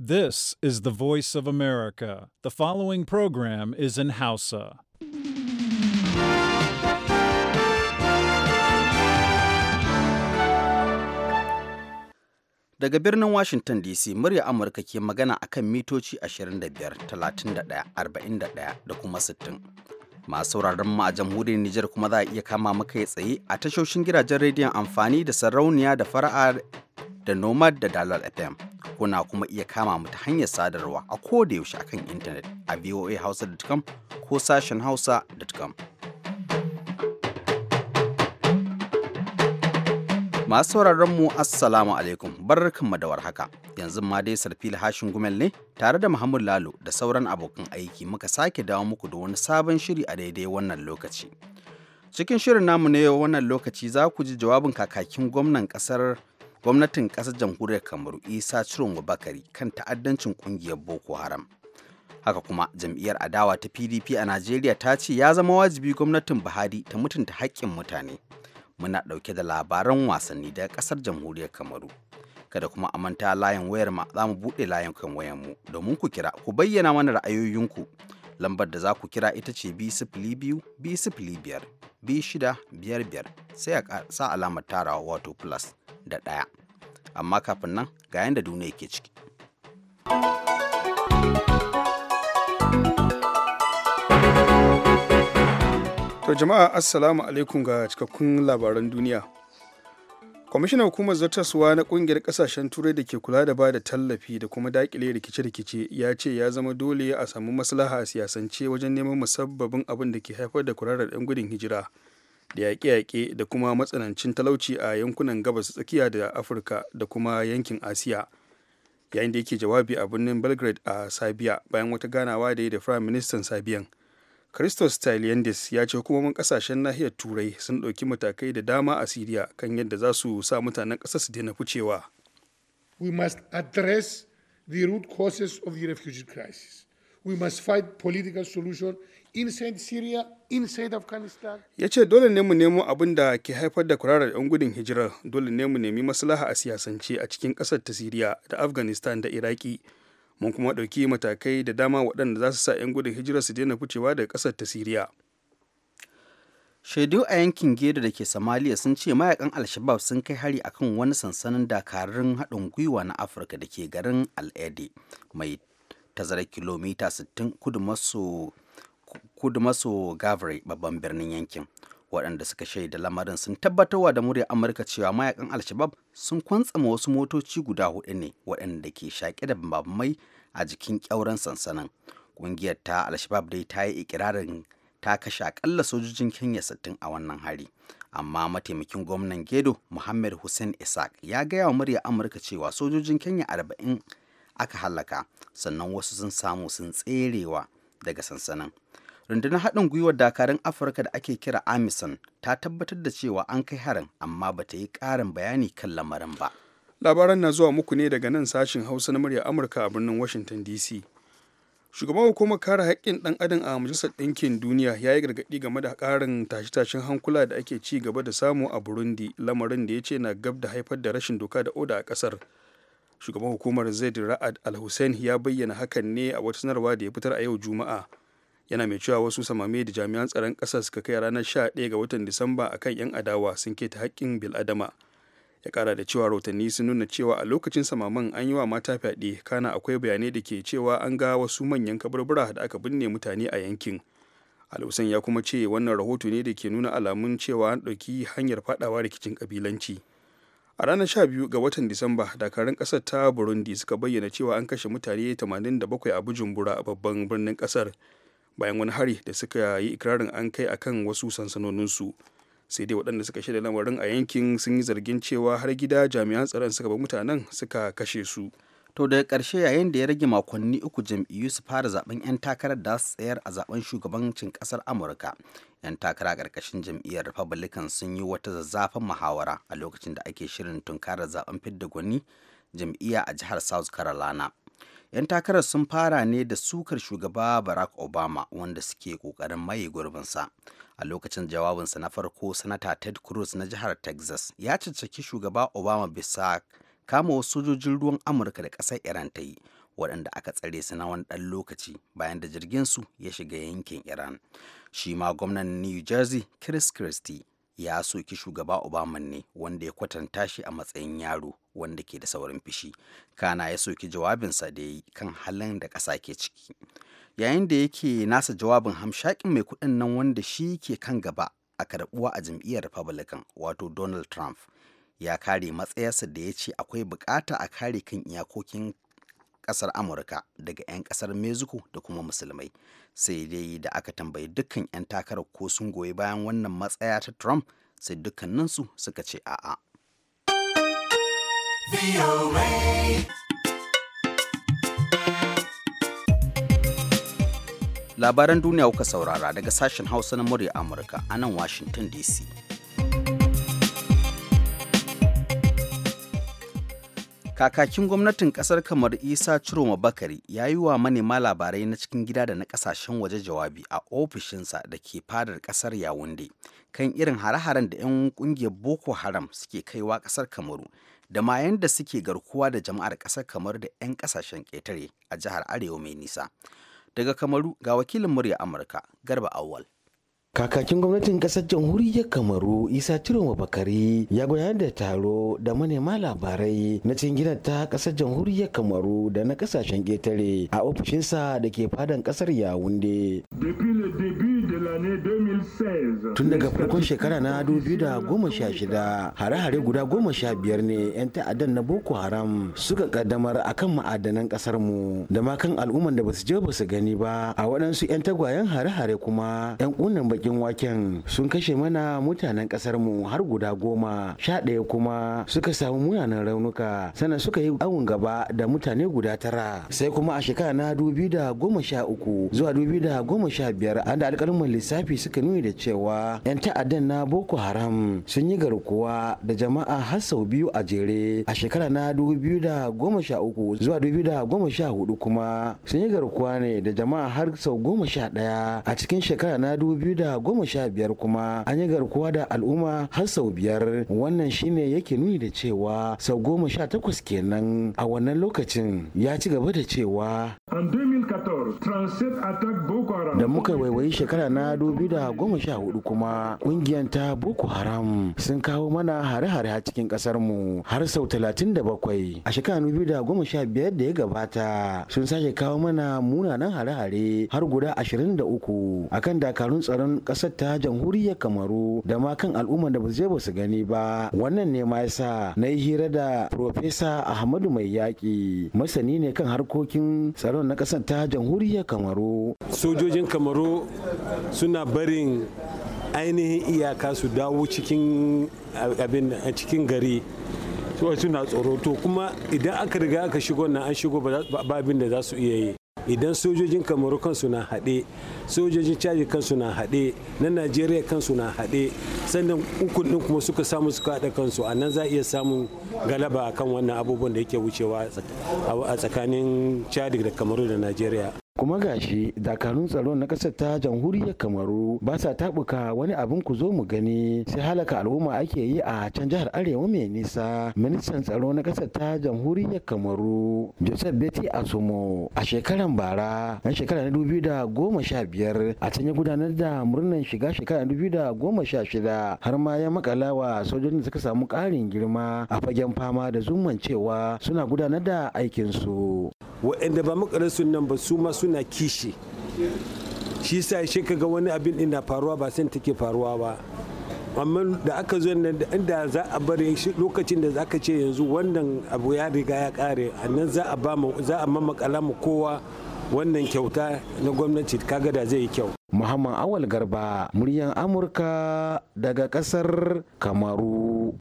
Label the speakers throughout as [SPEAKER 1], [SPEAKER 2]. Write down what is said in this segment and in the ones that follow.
[SPEAKER 1] This is the voice of America. The following program is in Hausa. Daga birnin Washington DC murya Amurka ke magana akan mitoci 25, 31, 41 da kuma 60. masu sauraron mu a jamhuriyar Nijar kuma za a iya kama maka tsaye a tashoshin gidajen rediyon amfani da sarauniya da fara'a da nomad da dalar fm kuna kuma iya kama mu ta hanyar sadarwa a koda yaushe akan intanet a voahausa.com ko sashen hausa.com Masu sauraron mu Assalamu alaikum barkanmu da warhaka. Yanzu ma dai Sarfil Hashin Gumel ne tare da Muhammad Lalo da sauran abokan aiki muka sake dawo muku da wani sabon shiri a daidai wannan lokaci. Cikin shirin namu ne yau wannan lokaci za ku ji jawabin kakakin gwamnan kasar gwamnatin kasar jamhuriyar Kamaru Isa Cirongo Bakari kan ta'addancin ƙungiyar Boko Haram. haka kuma jam'iyyar adawa ta pdp a najeriya ta ce ya zama wajibi gwamnatin buhari ta mutunta haƙƙin mutane muna ɗauke da labaran wasanni daga ƙasar jamhuriyar kamaru kada kuma a manta layin wayar ma za mu buɗe layin kan wayar mu domin ku kira ku bayyana mana ra'ayoyinku lambar da za ku kira ita ce b sifili biyu b sifili biyar b shida biyar biyar sai a sa alamar tarawa wato plus da ɗaya amma kafin nan ga yanda duniya ke ciki.
[SPEAKER 2] To jama'a assalamu alaikum ga cikakkun labaran duniya. Kwamishinan hukumar zartaswa na kungiyar kasashen turai da ke kula da ba da tallafi da kuma dakile rikice-rikice ya ce ya zama dole a samu maslaha a siyasance wajen neman musabbabin abin da ke haifar da kurarar 'yan gudun hijira da yaƙe-yaƙe da kuma matsanancin talauci a yankunan gabas tsakiya da afirka da kuma yankin asiya yayin da yake jawabi a birnin belgrade a sabiya bayan wata ganawa da yi da firayim ministan sabiyan christos stylianides ya ce hukumomin kasashen nahiyar turai sun ɗauki matakai da dama a siriya kan yadda za su sa mutanen ƙasar su daina ficewa
[SPEAKER 3] we must address the root causes of the refugee crisis we must find political solution inside Syria, inside Afghanistan.
[SPEAKER 2] Ya ce dole ne mu nemo abin da ke haifar da kurarar 'yan gudun hijirar, dole ne mu nemi maslaha a siyasance a cikin ƙasar ta Syria da Afghanistan da Iraki mun kuma ɗauki matakai da dama waɗanda za su sa 'yan gudun hijira su daina ficewa daga ƙasar ta siriya
[SPEAKER 1] shaidu a yankin gedo da ke somaliya sun ce mayakan alshabab sun kai hari akan wani sansanin dakarun haɗin gwiwa na afirka da ke garin al'ede mai tazara kilomita 60 kudu maso kudu babban birnin yankin waɗanda suka shaida lamarin sun tabbatarwa da muryar amurka cewa mayakan alshabab sun kwantsama wasu motoci guda hudu ne waɗanda ke shaƙe da bambamai a jikin ƙyauren sansanin ƙungiyar ta alshabab dai ta yi ikirarin ta kashe aƙalla sojojin kenya sittin a wannan hari amma mataimakin gwamnan gedo muhammad hussein isaac ya gaya wa muryar amurka cewa sojojin kenya arba'in aka halaka sannan wasu sun samu sun tserewa daga sansanin rundunar haɗin gwiwar dakarun afirka da ake kira amison ta tabbatar da cewa an kai harin amma
[SPEAKER 2] ba ta yi ƙarin bayani kan lamarin ba labaran na zuwa muku ne daga nan sashin hausa na murya amurka a birnin washington dc shugaban hukumar kare haƙƙin ɗan adam a majalisar ɗinkin duniya ya yi gargaɗi game da ƙarin tashe-tashen hankula da ake ci gaba da samu a burundi lamarin da ya ce na gab da haifar da rashin doka da oda a ƙasar shugaban hukumar zaid ra'ad al-hussein ya bayyana hakan ne a wata sanarwa da ya fitar a yau juma'a yana mai cewa wasu samame da jami'an tsaron ƙasa suka kai ranar 11 ga watan disamba akan 'yan adawa sun keta haƙƙin bil'adama ya kara da cewa rahotanni sun nuna cewa a lokacin samaman an yi wa mata fyaɗe kana akwai bayanai da ke cewa an ga wasu manyan kaburbura da aka binne mutane a yankin alhussein ya kuma ce wannan rahoto ne da ke nuna alamun cewa an ɗauki hanyar faɗawa rikicin ƙabilanci a ranar 12 ga watan disamba dakarun ƙasar ta burundi suka bayyana cewa an kashe mutane 87 a bujumbura a babban birnin ƙasar bayan wani hari da suka yi ikirarin an kai a kan wasu sansanoninsu sai dai waɗanda suka shirya lamarin a yankin sun yi zargin cewa har gida jami'an tsaron suka bar mutanen suka kashe su to daga
[SPEAKER 1] ƙarshe yayin da ya rage makonni uku jam'iyyu su fara zaben 'yan takarar da su tsayar a zaben shugabancin ƙasar amurka 'yan takara ƙarƙashin jam'iyyar republican sun yi wata zazzafan muhawara a lokacin da ake shirin tunkarar zaben fidda gwani jam'iyya a jihar south carolina 'yan takarar sun fara ne da sukar shugaba barack obama wanda suke kokarin maye gurbinsa a lokacin jawabinsa na farko sanata ted cruz na jihar texas ya caccaki shugaba obama bisa kama wasu sojojin ruwan amurka da ƙasar iran ta yi waɗanda aka tsare su na wani ɗan lokaci bayan da jirginsu ya shiga yankin iran shi ma gwamnan new jersey chris christie ya soki shugaba obama ne wanda ya kwatanta shi a matsayin yaro wanda ke da saurin fishi kana ya soki jawabinsa da yi kan halin da ƙasa ke ciki yayin da yake nasa jawabin hamshakin mai kuɗin nan wanda shi ke kan gaba a karɓuwa a jam'iyyar republican wato donald trump ya kare matsayarsa da ya ce akwai bukata a kare kan iyakokin ƙasar amurka daga 'yan ƙasar mexico da kuma musulmai sai dai da aka tambayi dukkan 'yan takarar ko sun goyi bayan wannan matsaya ta trump sai dukkaninsu suka ce a'a. Labaran duniya kuka saurara daga sashen Hausa na murya Amurka a nan Washington DC. Kakakin gwamnatin kasar kamar Isa Ciroma Bakari ya yi wa manema labarai na cikin gida da na kasashen waje jawabi a ofishinsa da ke fadar kasar Yawunde kan irin hare-haren da 'yan kungiyar Boko Haram suke kaiwa kasar Kamaru da ma yadda suke garkuwa da jama'ar ƙasar kamar da 'yan ƙasashen ƙetare a jihar arewa mai nisa daga kamaru ga wakilin murya amurka garba awal
[SPEAKER 4] Kakakin gwamnatin ƙasar jamhuriyar Kamaru Isa Tiroma Bakari ya gudanar da taro da manema labarai na cikin gidan ta ƙasar jamhuriyar Kamaru da na ƙasashen ƙetare a ofishinsa da ke fadan ƙasar Yawunde.
[SPEAKER 5] Tun daga farkon shekara
[SPEAKER 4] na shida hare-hare guda goma sha biyar ne 'yan ta'addan na Boko Haram suka kaddamar akan ma'adanan kasar mu da ma kan al'umman da basu je ba su gani ba a waɗansu 'yan tagwayen hare-hare kuma 'yan kunan bakin waken sun kashe mana mutanen kasar mu har guda goma sha ɗaya kuma suka samu munanan raunuka sannan suka yi awon gaba da mutane guda tara sai kuma a shekara na uku zuwa 2015 an da alƙalin alƙalumar lissafi suka nuni da cewa 'yan ta'addan na boko haram sun yi garkuwa da jama'a har sau biyu a jere a shekara na 2013 zuwa 2014 kuma sun yi garkuwa ne da jama'a har sau 11 a cikin shekara na 2015 kuma an yi garkuwa da al'umma har sau biyar wannan shine yake nuni da cewa sau 18 kenan a wannan lokacin ya ci gaba da cewa. da muka waiwayi shekara na hudu kuma kungiyar ta boko haram sun kawo mana hare-hare a cikin kasar mu har sau talatin da bakwai. a shekara biyar da ya gabata sun sake kawo mana munanan hare-hare har guda ashirin da uku. akan dakarun tsaron kasar ta jamhuriyar kamaru da ma kan al'umma da ba ba su gani ba wannan ne ma yasa na yi hira da profesa ahmadu mai yaƙi masani ne kan harkokin tsaron na kasar ta jamhuriyar kamaru
[SPEAKER 5] sojojin kamaru suna barin ainihin iyaka su dawo cikin a cikin gari suna tsoro to kuma idan aka riga aka shigo nan an shigo ba abin da za su iya yi idan sojojin kamaru kansu na haɗe sojojin caji kansu na haɗe na najeriya kansu na haɗe sannan ukun ɗin kuma suka samu suka haɗa kansu a nan za a iya samun galaba kan wannan abubuwan da yake wucewa a tsakanin caji da kamaru da najeriya
[SPEAKER 4] kuma gashi dakarun tsaron na ƙasar ta jamhuriyar kamaru ba sa tabuka wani abin ku zo mu gani sai halaka al'umma ake yi a can jihar arewa mai nisa ministan tsaro na ƙasar ta jamhuriyar kamaru joseph beti Asumo a shekaran bara na shekara na 2015 biyar a can ya gudanar da murnar shiga shekara na da sha shida har ma ya makala wa sojojin da suka samu ƙarin girma a fagen fama da zumancewa suna gudanar da aikinsu
[SPEAKER 5] waɗanda ba makaransu nan ba su ma suna kishi shi sa shi kaga wani abin ina faruwa ba sai take faruwa ba amma da aka zo nan inda za a bari lokacin da za ka ce yanzu wannan abu ya riga ya kare a nan za a ba za a mamakala mu kowa wannan kyauta na gwamnati kaga da zai yi kyau Muhammad
[SPEAKER 4] Awal Garba muryan Amurka daga kasar Kamaru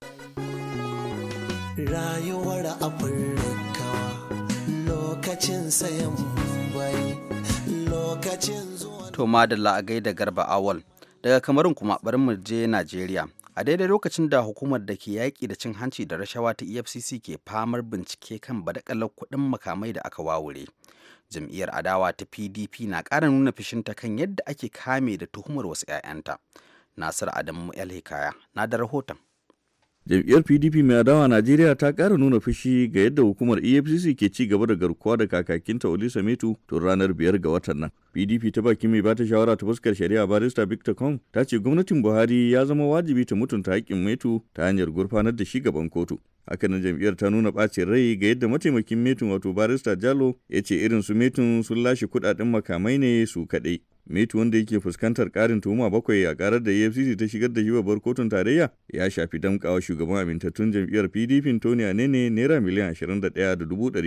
[SPEAKER 4] rayuwar lokacin sayan da lokacin
[SPEAKER 1] da to madalla a gaida garba awal daga kamarin kuma bari mu je najeriya a daidai lokacin da hukumar da ke yaƙi da cin hanci da rashawa ta efcc ke famar bincike kan badakalar kuɗin makamai da aka wawure jam'iyyar adawa ta pdp na ƙara nuna fishinta kan yadda ake kame da tuhumar wasu 'ya'yanta
[SPEAKER 6] nasir adamu el hikaya na da rahoton jam'iyyar pdp mai adawa najeriya ta kara nuna fushi ga yadda hukumar efcc ke ci gaba da garkuwa da kakakinta olisa metu tun ranar biyar ga watan nan pdp ta baki mai bata shawara ta fuskar shari'a barista victor kong ta ce gwamnatin buhari ya zama wajibi ta mutunta haƙƙin metu ta hanyar gurfanar da shi gaban kotu hakanan jam'iyyar ta nuna ɓacin rai ga yadda mataimakin metun wato barista jalo ya ce irin su metun sun lashe kuɗaɗen makamai ne su kaɗai Mitu wanda yake fuskantar karin tuhuma bakwai a karar da EFCC ta shigar da shi babbar kotun tarayya ya shafi damƙawa shugaban amintattun jam'iyyar PDP Tony Anene naira miliyan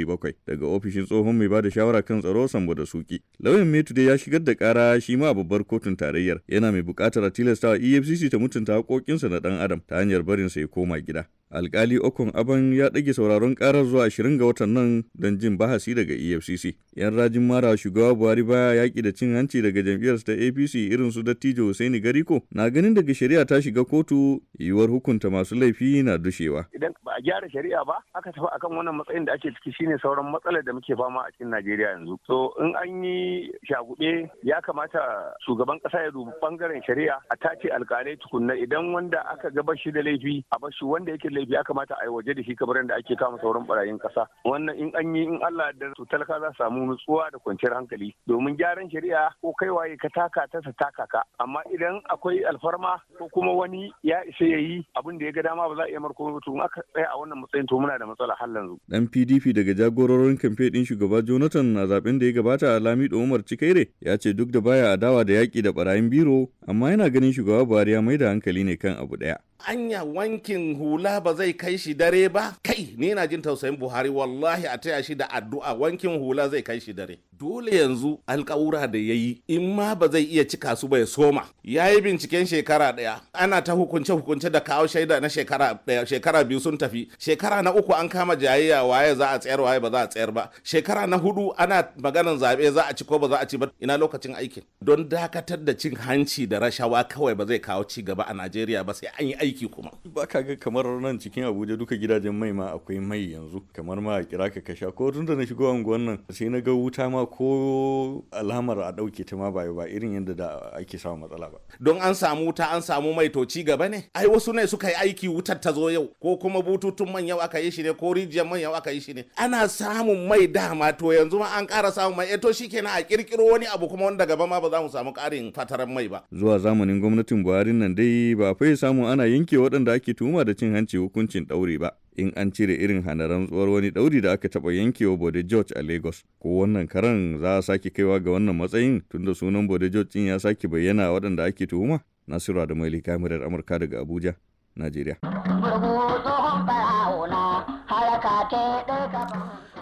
[SPEAKER 6] bakwai daga ofishin tsohon mai bada shawara kan tsaro Sambo da Suki. Lauyan Mitu dai ya shigar da kara shi ma a babbar kotun tarayyar yana mai bukatar a tilastawa EFCC ta mutunta haƙoƙinsa na ɗan adam ta hanyar barinsa ya koma gida. alkali okun aban ya ɗage sauraron karar zuwa 20 ga watan nan don jin bahasi daga efcc yan rajin mara shugaba buhari baya yaƙi da cin hanci daga jam'iyyar ta apc irin su dattijo husaini gariko na ganin daga shari'a ta shiga kotu yiwuwar hukunta masu laifi na dushewa
[SPEAKER 5] idan ba a gyara shari'a ba aka tafi akan wannan matsayin da ake ciki shine sauran matsalar da muke fama a cikin najeriya yanzu To in an yi shaguɗe ya kamata shugaban ƙasa ya dubi bangaren shari'a a tace alkalai tukunna idan wanda aka gabashi da laifi a bashi wanda yake laifi laifi ya kamata a yi waje da shi kamar yadda ake kama sauran barayin kasa wannan in an yi in Allah da su talaka za samu nutsuwa da kwanciyar hankali domin gyaran shari'a ko kai waye ka taka ta ta taka ka amma idan akwai alfarma ko kuma wani ya isa ya yi abin da ya ga dama ba za a iya marko mutu in aka tsaya a wannan matsayin to muna da matsala har yanzu
[SPEAKER 6] dan PDP daga jagororin kamfe din shugaba Jonathan na zaben da ya gabata a Lamido Umar Cikaire ya ce duk da baya adawa da yaki da barayin biro amma yana ganin shugaba Buhari ya da hankali ne kan abu daya
[SPEAKER 7] anya wankin hula ba zai kai shi dare ba kai ni na jin tausayin buhari wallahi a taya shi da addu'a wankin hula zai kai shi dare dole yanzu alkawura da ya yi in ma ba zai iya cika su ba ya soma ya yi binciken shekara ɗaya ana ta hukunce hukunce da kawo shaida na shekara daya shekara biyu sun tafi shekara na uku an kama jayayya waye za a tsayar waye ba za a tsayar ba shekara na hudu ana maganan zaɓe za a ci ko ba za a ci ba ina lokacin aikin don dakatar da cin hanci da rashawa kawai ba zai kawo ci gaba a najeriya ba sai an yi aiki kuma
[SPEAKER 6] ba ka ga kamar nan cikin abuja duka gidajen mai ma akwai mai yanzu kamar ma a kira ka kasha ko tun da na shigo anguwan nan sai na ga wuta ma ko alamar a ɗauke ta ma ba ba irin yadda da ake samu matsala ba
[SPEAKER 7] don an samu wuta an samu mai to ci gaba ne ai wasu ne suka yi aiki wutar ta zo yau ko kuma bututun man yau aka yi shi ne ko rijiyar man yau aka yi shi ne ana samun mai dama to yanzu ma an ƙara samun mai eh, to kenan a kirkiro wani abu kuma wanda gaba ma ba za mu samu ƙarin fataran mai ba
[SPEAKER 6] zuwa zamanin gwamnatin buhari nan dai ba fai samu ana yanke waɗanda ake tuhuma da cin hanci hukuncin ɗauri ba in an cire irin hana rantsuwar wani ɗauri da aka taɓa yankewa Bode George a Lagos. Ko wannan karan za a sake kaiwa ga wannan matsayin tunda sunan Bode George ɗin ya sake bayyana waɗanda ake tuhuma? Nasiru da Maili kamarar Amurka daga Abuja, Najeriya.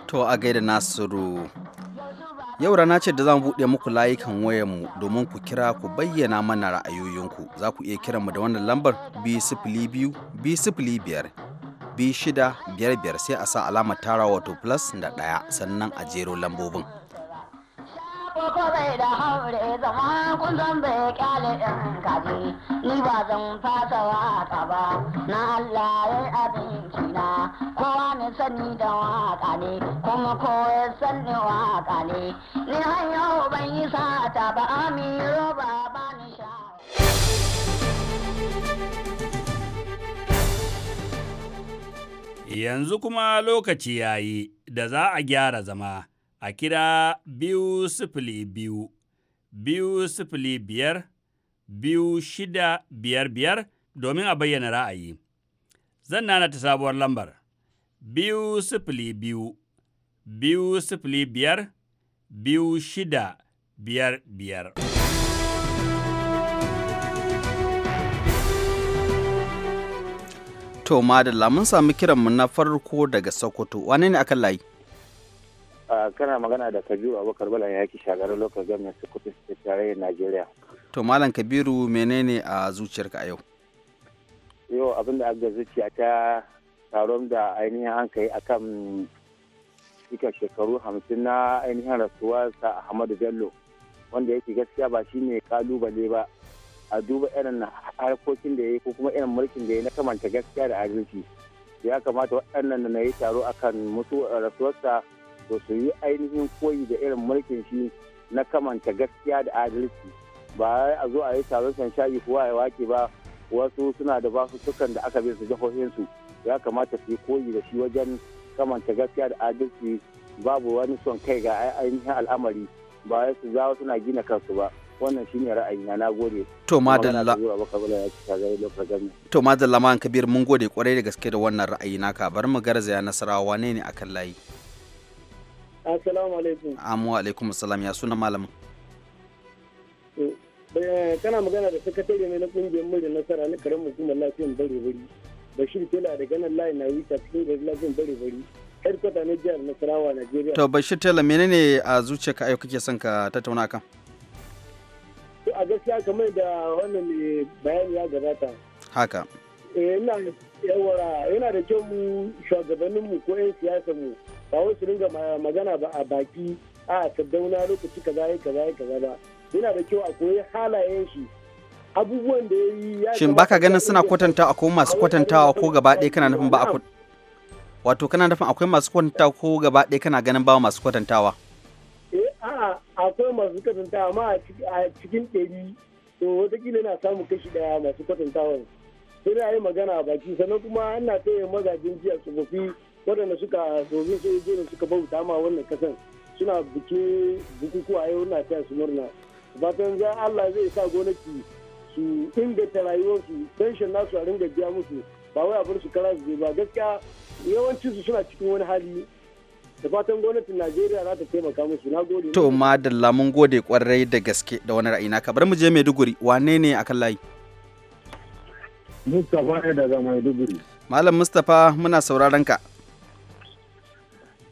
[SPEAKER 6] To a gaida Nasiru
[SPEAKER 1] Yau rana ce da zan buɗe muku layukan mu domin ku kira ku bayyana mana ra'ayoyinku. Za ku iya kiranmu da wannan lambar B02 b B6 biyar biyar sai a sa alamar tara wato plus da ɗaya sannan a jero lambobin. ba bai da haure zama kun san bai
[SPEAKER 5] kyale ɗin kaji ni ba zan fasa waka ba na Allah ya
[SPEAKER 2] abinci na kowa ne sani da waka ne kuma kowa sani waka ne ni har yau ban yi sata ba amiro ba ba ni
[SPEAKER 5] sha.
[SPEAKER 6] Yanzu kuma lokaci yayi da za a gyara zama. a kira biyu sifili biyu, biyu sifili biyar, biyu shida biyar biyar domin a bayyana ra'ayi. Zan nana ta sabuwar lambar, biyu sifili biyu, biyu sifili biyar, biyu shida biyar biyar.
[SPEAKER 1] To, madalla mun sami kiranmu na farko daga Sokoto, wane ne akan layi?
[SPEAKER 5] kana magana da kabiru abubakar bala ya yaki shagarar lokacin gwamnati su kutu tarayyar najeriya
[SPEAKER 1] to malam kabiru menene a zuciyarka a yau
[SPEAKER 5] yau abin da aka zuciya ta taron da ainihin an kai akan cika shekaru hamsin na ainihin rasuwarsa ahmadu bello wanda yake gaskiya ba shi ne kalubale ba a duba irin harkokin da ya yi ko kuma irin mulkin da ya yi na kamanta gaskiya da adalci ya kamata waɗannan da na yi taro akan mutu rasuwarsa wato su yi ainihin koyi da irin mulkin shi na kamanta gaskiya da adalci ba a zo a yi taron shayi kuwa ya wake ba wasu suna da basu sukan da aka bai su jihohinsu ya kamata su yi koyi da shi wajen kamanta gaskiya da adalci babu wani son kai ga ainihin al'amari ba ya su zawo suna gina kansu ba wannan shine ra'ayina na gode to madalla
[SPEAKER 1] to madalla an kabir mun gode kwarai da gaske da wannan ra'ayi naka bar mu garzaya nasarawa ne ne akan layi
[SPEAKER 5] Assalamu alaikum.
[SPEAKER 1] Amma alaikum assalam ya suna malamin.
[SPEAKER 5] Kana magana da sakatare ne na kungiyar mai nasara na karamin hukumar lafiyan bare bari. Bashir Tela da ganin layin na wita cikin gari lafiyar bare bari. Headquarter na jihar Nasarawa, Najeriya. To Bashir
[SPEAKER 1] Tela menene a zuciyarka ayo kake son ka tattauna kan?
[SPEAKER 5] To a gaskiya kamar da wannan bayani ya gabata. Haka. Eh ina yawara yana da kyau mu shugabanninmu ko 'yan siyasa mu ba wai su ringa magana ba a baki a kaddauna lokaci kaza ya kaza ya kaza ba yana da kyau a koyi halayen shi abubuwan da ya yi ya shin baka ganin suna kwatantawa
[SPEAKER 1] ko masu kwatantawa ko gaba ɗaya kana nufin ba a wato kana nufin akwai masu kwatantawa ko gaba ɗaya kana ganin ba masu kwatantawa
[SPEAKER 5] eh a'a akwai masu kwatantawa amma a cikin ɗari to watakila na samun kashi ɗaya masu kwatantawa sai da yi magana a baki sannan kuma ana yin magajin jiya tsofaffi waɗanda suka sojin sojojin suka bauta ma wannan kasan suna bikin bukukuwa yau na ta su murna fatan za Allah zai sa gonaki su inganta rayuwarsu pension nasu a ringa biya musu ba wai a bar su kara su ba gaskiya yawancinsu suna cikin wani hali da fatan gwamnatin Najeriya za ta taimaka musu na gode. To
[SPEAKER 1] madalla mun gode kwarai da gaske da wani ra'ayi naka bari mu je Maiduguri wane ne akan layi?
[SPEAKER 5] mustafa ne daga Maiduguri.
[SPEAKER 1] Malam mustafa muna sauraron ka.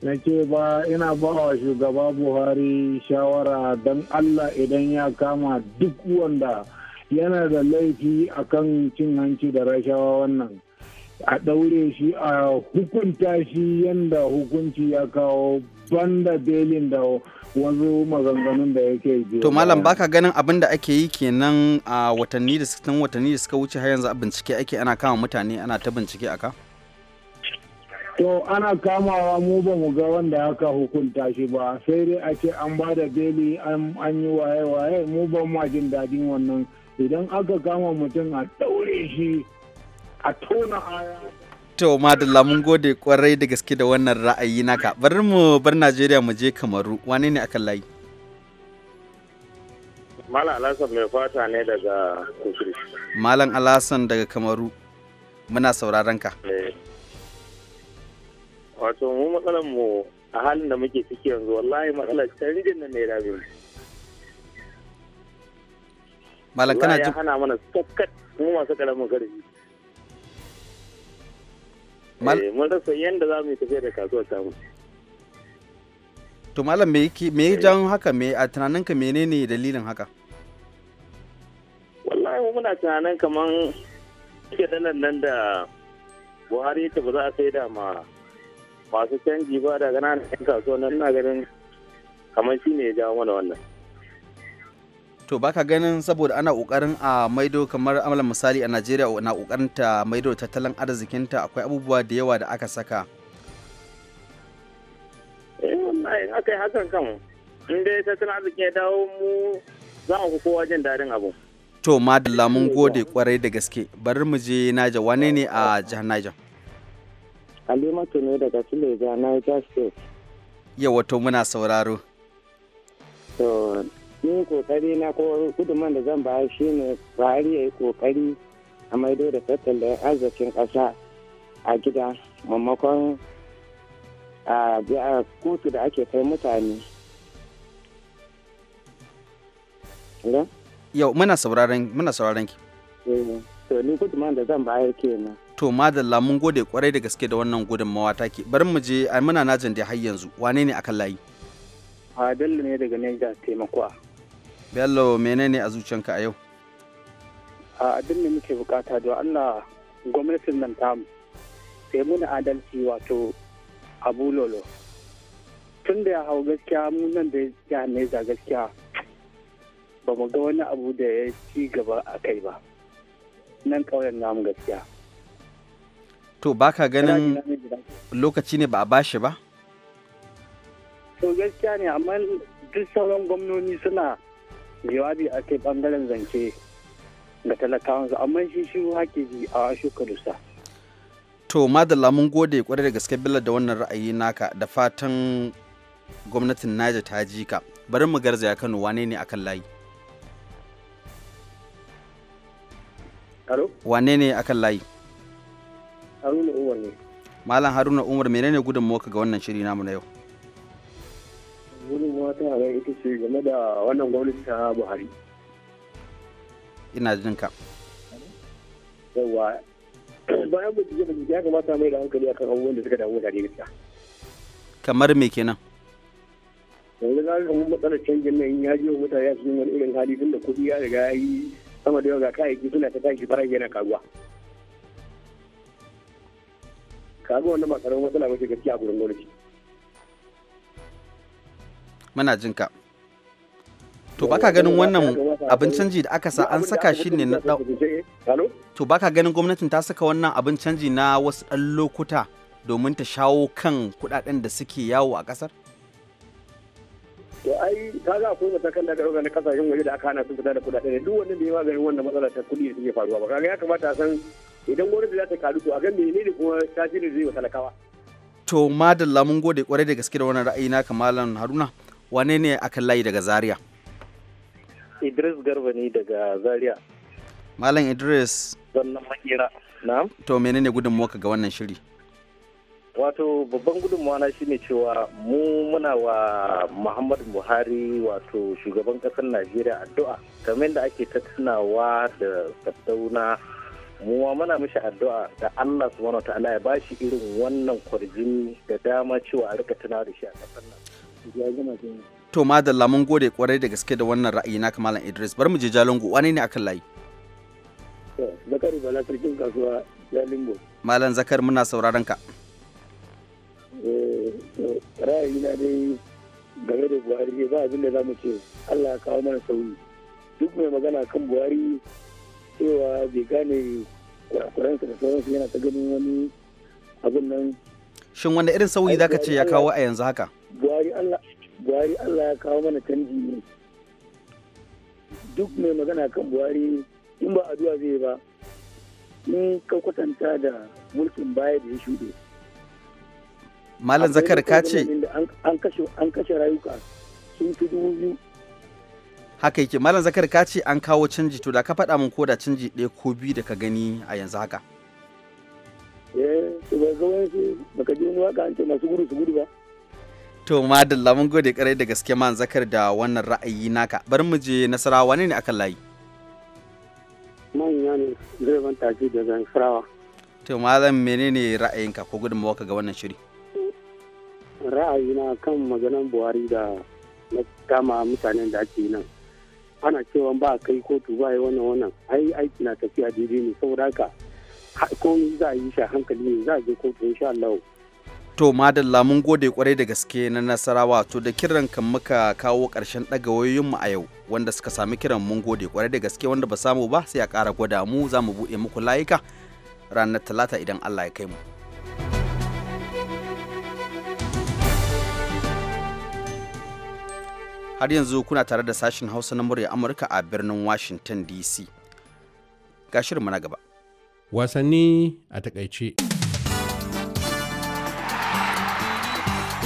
[SPEAKER 5] na ce ba ina ba wa shugaba buhari shawara don allah idan ya kama duk wanda yana da laifi akan cin hanci da rashawa wannan a ɗaure shi a hukunta shi yadda hukunci ya kawo banda belin da wanzu maganganun da yake je. To malam baka
[SPEAKER 1] ganin abin da ake yi kenan a watanni da watanni da suka wuce har yanzu a bincike ake ana kama mutane ana ta bincike aka?
[SPEAKER 5] To ana kamawa mu ba mu ga wanda ka hukunta shi ba sai dai a ce an ba da beli an yi waye-waye mu ban ma jin dadin wannan idan aka kama mutum a daure shi a tona aya.
[SPEAKER 1] To madalla mun gode kwarai da gaske da wannan ra'ayi naka bari mu bar Najeriya mu je Kamaru wane ne akan layi?
[SPEAKER 5] Malam Alasan mai fata ne daga Kusuri.
[SPEAKER 1] Malam Alasan daga Kamaru muna sauraron ka.
[SPEAKER 5] Eh. wato mu matsalar mu a halin da muke ciki yanzu wallahi matsalar canjin nan ne rabin malam kana ji hana mana sakkat mu masu karamin karfi eh, mun rasa yadda za mu yi tafiya da kasuwar tamu
[SPEAKER 1] to malam me yake me eh. jan haka me a tunaninka menene dalilin haka
[SPEAKER 5] wallahi muna tunanin kaman ke nan da Buhari ta ba za a sai da ma masu canji ba da ƙananan 'yan kasuwa nan na ganin kamar shi ne ya jawo mana wannan.
[SPEAKER 1] To baka ganin saboda ana kokarin a maido kamar amalan misali a Najeriya na kokarin ta maido tattalin arzikinta akwai abubuwa da yawa da aka saka.
[SPEAKER 5] Eh wallahi aka yi hakan kan in dai tattalin arzikin ya dawo mu za mu kowa jin daɗin abu.
[SPEAKER 1] To madalla mun gode kwarai da gaske bari mu je Naija wane ne a jihar Niger?
[SPEAKER 5] Alimatu ne daga Tileja, Niger State.
[SPEAKER 1] Yau wato muna sauraro.
[SPEAKER 5] To, ni kokari na ko gudunman da zan ba shi ne bari ya yi kokari a maido da tattalin arzikin ƙasa a gida maimakon a biya kotu da ake kai mutane.
[SPEAKER 1] Yau muna sauraron ki.
[SPEAKER 5] Eh, to, ni gudunman da zan ke kenan.
[SPEAKER 1] to madalla mun gode kwarai da gaske da wannan gudunmawa take bari mu je a muna najin da har yanzu wane ne akan layi
[SPEAKER 5] Bello ne daga Niger taimakowa
[SPEAKER 1] Bello menene a zuciyanka a yau
[SPEAKER 5] a abin da muke bukata don Allah gwamnatin nan mu sai muna adalci wato abu lolo tun da ya hau gaskiya mu nan da ya neza gaskiya ba mu ga wani abu da ya ci gaba a kai ba nan kauyen namu gaskiya
[SPEAKER 1] to baka ganin lokaci ne ba a bashi ba
[SPEAKER 5] to gaskiya ne amma duk sauran gwamnoni suna jawabi a kai bangaren zance ga talakawansu amma shi shi hake ji a shuka
[SPEAKER 1] to madalla mun gode kwarai da gaske billar da wannan ra'ayi naka da fatan gwamnatin naja ta ji ka bari mu garzaya kano wane ne akan layi wane ne akan layi
[SPEAKER 5] Haruna Umar ne.
[SPEAKER 1] Malam Haruna Umar menene gudun gudunmawa ga wannan shiri namu na yau?
[SPEAKER 5] Gudunmawa ta ga ita ce game da wannan gwamnati ta Buhari. Ina jin ka. Yawwa bayan bincike bincike ya kamata mai da hankali akan abubuwan da suka damu mutane gaskiya.
[SPEAKER 1] Kamar me kenan?
[SPEAKER 5] Yanzu za ka matsalar canjin nan ya jiwa mutane a cikin wani irin hali tun da kuɗi ya riga ya yi sama da yawa ga kayayyaki suna ta tashi farage na karuwa. kaga wannan ba karamin matsala ba ce gaskiya a gurin gwamnati
[SPEAKER 1] muna jin ka to baka ganin wannan abin canji da aka sa an saka shi ne na eh, to baka ganin gwamnatin ta saka wannan abin canji na wasu dan lokuta domin ta shawo kan kudaden da suke yawo a kasar.
[SPEAKER 5] to ai ga akwai matakan da ga na kasashen waje da aka hana su fita da kudaden duk wanda ma ganin wannan matsala ta kudi da take faruwa ba kaga ya kamata a san idan gwamnati za ta karu to a ga menene kuma tasiri zai wa talakawa
[SPEAKER 1] to madalla mun gode kwarai da gaske da wannan ra'ayi na kamalan haruna wane ne akan layi daga zaria
[SPEAKER 5] idris garba ne daga zaria
[SPEAKER 1] malam idris
[SPEAKER 5] Wannan makera
[SPEAKER 1] na'am to menene gudunmuwarka ga wannan shiri
[SPEAKER 5] wato babban gudunmuwa na shine cewa mu muna wa muhammadu buhari wato shugaban kasar najeriya addu'a kamar da ake ta tunawa da kaddauna mu ma muna mishi addu'a da Allah subhanahu ta'ala ya bashi irin wannan kwarjini da dama cewa a rika tuna da shi a kasar nan
[SPEAKER 1] to madalla mun gode kwarai da gaske da wannan ra'ayi na kamalan Idris bar mu je Jalingo wane ne akan layi
[SPEAKER 5] Zakari Bala sarkin kasuwa Jalingo
[SPEAKER 1] Malam Zakar muna sauraron ka
[SPEAKER 5] eh, ra'ayi na dai game da Buhari ba abin da mu ce Allah ya kawo mana sauyi duk mai magana kan Buhari cewa bai gane kurakuransa da sauransu yana ta ganin wani abin nan
[SPEAKER 1] shin wanda irin sauyi za ka ce ya kawo a yanzu haka
[SPEAKER 5] buhari allah buhari allah ya kawo mana canji ne duk mai magana kan buhari in ba addu'a zai ba in ka kwatanta da mulkin baya da ya shuɗe
[SPEAKER 1] malam zakar ka ce
[SPEAKER 5] an kashe rayuka sun fi dubu biyu
[SPEAKER 1] haka yake malam zakar ka ce an kawo canji to da ka faɗa min ko da canji ɗaya ko biyu da ka gani a yanzu haka
[SPEAKER 5] eh to ba waka an su ba
[SPEAKER 1] madalla mun gode karai da gaske man zakar da wannan ra'ayi naka bari mu je nasarawa ne ne akan layi
[SPEAKER 5] manya ne direban tafi daga zan
[SPEAKER 1] to malam menene ra'ayinka ko gudunmawa ka ga wannan shiri
[SPEAKER 5] ra'ayina kan maganan buhari da na kama mutanen da ake nan ana cewa ba a kai kotu ba yi wannan wannan ai aiki na tafiya daidai ne saboda haka komai za a yi shi a hankali ne za a je kotu insha Allah
[SPEAKER 1] to madalla mun gode kwarai da gaske na nasarawa to da kiran kan muka kawo karshen daga wayoyinmu a yau wanda suka sami kiran mun gode kwarai da gaske wanda ba samu ba sai a kara gwada mu za mu buɗe muku layuka ranar talata idan allah ya kai mu har yanzu kuna tare da sashen hausa na murya amurka a birnin washington dc ga na gaba wasanni a takaice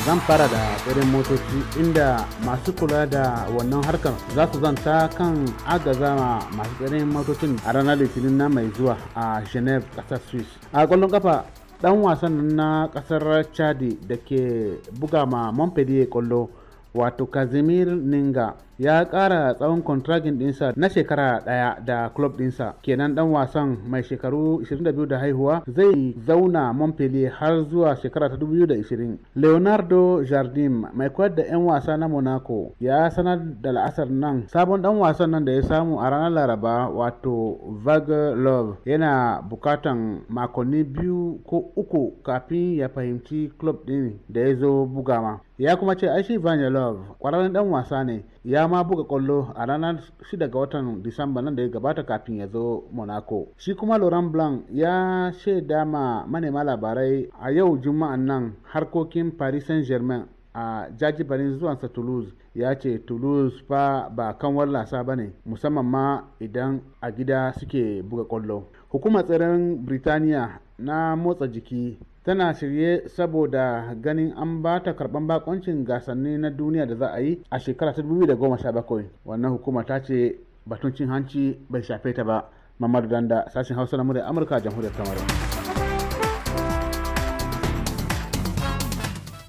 [SPEAKER 3] zan fara da tseren motoci inda masu kula da wannan harkar za su zanta kan agaza masu tseren motocin a ranar litinin na mai zuwa a geneve ƙasar swiss a kwallon kafa dan wasan na ƙasar chadi da ke buga ma montpellier kwallo watu Kazimir Ninga ya kara tsawon kontragin ɗinsa na shekara ɗaya da club ɗinsa kenan dan wasan mai shekaru 22 da haihuwa zai zauna Montpellier har zuwa shekara ta 2020 Leonardo Jardim mai koyar da 'yan wasa na Monaco ya sanar da la'asar nan sabon dan wasan nan da ya samu a ranar Laraba wato Vague Love yana bukatan makonni biyu ko uku kafin ya fahimci club din da ya zo bugawa ya kuma ce aishi love kwararren dan wasa ne ya ma buga kwallo a ranar 6 ga watan disamba nan da ya gabata kafin ya zo monaco shi kuma laurent blanc ya shaida ma manema labarai a yau juma'an nan harkokin paris saint-germain a jajibarin zuwansa toulouse ya ce toulouse fa ba kan wallasa ba ne musamman ma idan a gida suke buga kwallo hukumar tsaron birtaniya na motsa jiki tana shirye saboda ganin an ba ta karban bakoncin gasanni na duniya da za a yi a shekara ta 2017 wannan hukuma ta ce batun cin hanci bai shafe ta ba mamadu danda sashen hausa na murya amurka jamhuriyar kamaru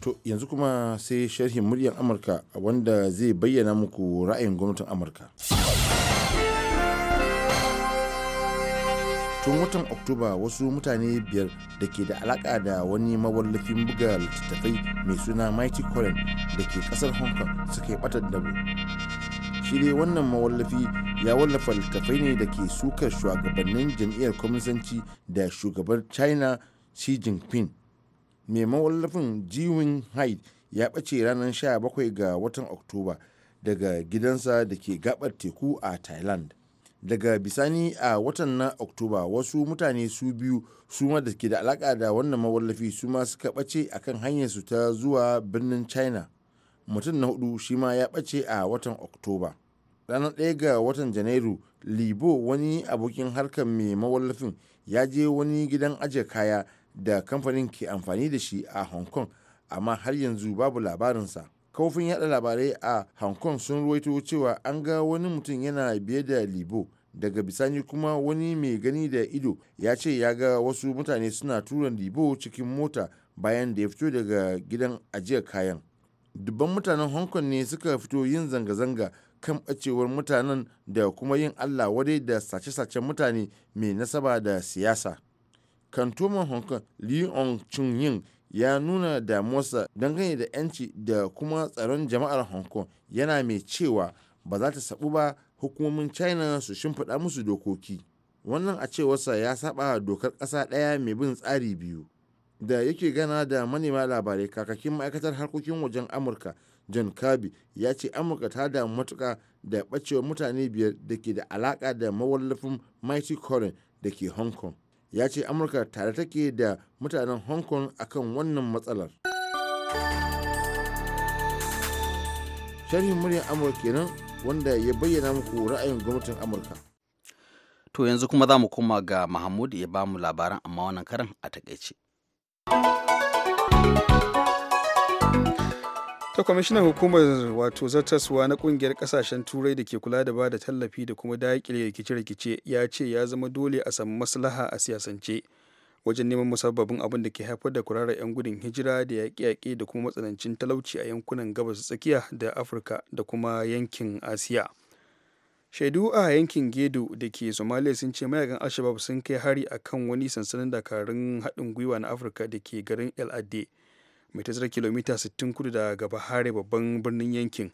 [SPEAKER 8] to yanzu kuma sai sharhin muryar amurka wanda zai bayyana muku ra'ayin gwamnatin amurka. tun watan oktoba wasu mutane biyar da ke da alaka da wani mawallafin buga littattafai mai suna mighty colin da ke kasar hong kong suka yi batar dabo shi dai wannan mawallafi ya wallafa littattafai ne da ke sukar shugabannin jam'iyyar kwaminsanci da shugabar china xi jinping mai mawallafin jiwin hyde ya ɓace ranar 17 ga watan oktoba daga gidansa da ke gabar teku a thailand daga bisani a watan na oktoba wasu mutane su biyu su ma da ke da alaka da wannan mawallafi su ma suka bace a kan hanyarsu ta zuwa birnin china mutum na hudu shi ma ya bace a watan oktoba ranar ɗaya ga watan janairu libo wani abokin harkar mai mawallafin ya je wani gidan ajiye kaya da kamfanin ke amfani da shi a hong kong amma har yanzu babu labarinsa kofin yada labarai a hong kong sun ruwaito cewa an ga wani mutum yana biye da libo daga bisani kuma wani mai gani da ido ya ce ya ga wasu mutane suna turan libo cikin mota bayan da ya fito daga gidan ajiyar kayan dubban mutanen hong kong ne suka fito yin zanga-zanga kan ɓacewar mutanen da kuma yin allah wadai da sace-sacen mutane mai nasaba da siyasa kantoman hong kong leon chung ying ya nuna damuwarsa dangane da 'yanci da kuma tsaron jama'ar hong kong yana mai cewa ba za ta sabu ba hukumomin china su shimfiɗa musu dokoki wannan a cewarsa ya saba dokar ƙasa ɗaya mai bin tsari biyu da yake gana da manema labarai kakakin ma'aikatar harkokin wajen amurka john kirby ya ce amurka ta da matuka da ɓacewar mutane biyar da ke da alaƙa da mawallafin mighty corin da ke hong kong ya ce amurka tare take da mutanen hong kong akan wannan matsalar sharhin muryar amurka kenan wanda ya bayyana muku ra'ayin gwamnatin amurka
[SPEAKER 1] to yanzu kuma za mu koma ga mahmud ya ba mu labaran amma wannan karan a takaice
[SPEAKER 2] ta kwamishinan hukumar wato zartaswa na kungiyar kasashen turai da ke kula da ba da tallafi da kuma daƙile rikice-rikice ya ce ya zama dole a samu maslaha a siyasance wajen neman musabbabin abin da ke haifar da kurara 'yan gudun hijira da yaƙe-yaƙe da kuma matsanancin talauci a yankunan gabas tsakiya da afirka da kuma yankin asiya shaidu a yankin gedo da ke somalia sun ce mayakan alshabab sun kai hari akan wani sansanin dakarun haɗin gwiwa na afirka da ke garin el ade mai tazarar kilomita 60 kudu daga bahare babban birnin yankin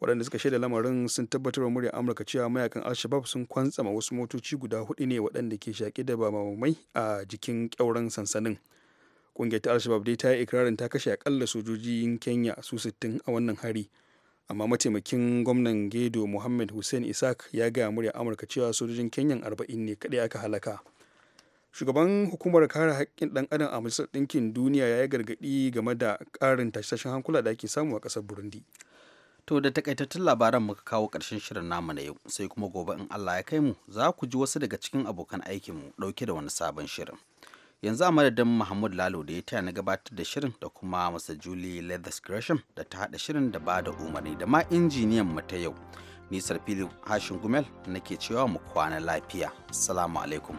[SPEAKER 2] waɗanda suka shaida lamarin sun tabbatar wa murya amurka cewa mayakan alshabab sun kwantsama wasu motoci guda hudu ne waɗanda ke shaƙi da bamamai a jikin ƙyauren sansanin ƙungiyar ta alshabab dai ta yi ikirarin ta kashe aƙalla sojojin kenya su 60 a wannan hari amma mataimakin gwamnan gedo muhammad hussein isaac ya gaya murya amurka cewa sojojin kenya 40 ne kaɗai aka halaka shugaban hukumar kare haƙƙin ɗan adam a majalisar ɗinkin duniya ya yi gargaɗi game da ƙarin tashin hankula da ake samu a ƙasar burundi
[SPEAKER 1] to da takaitattun labaran muka kawo ƙarshen shirin namu na yau sai kuma gobe in allah ya kai mu za ku ji wasu daga cikin abokan aikinmu ɗauke da wani sabon shirin yanzu a madadin mahmud lalo da ya taya na gabatar da shirin da kuma masa julie leathers gresham da ta haɗa shirin da ba da umarni da ma injiniyan mu ta yau nisar filin hashin gumel nake cewa mu kwana lafiya assalamu alaikum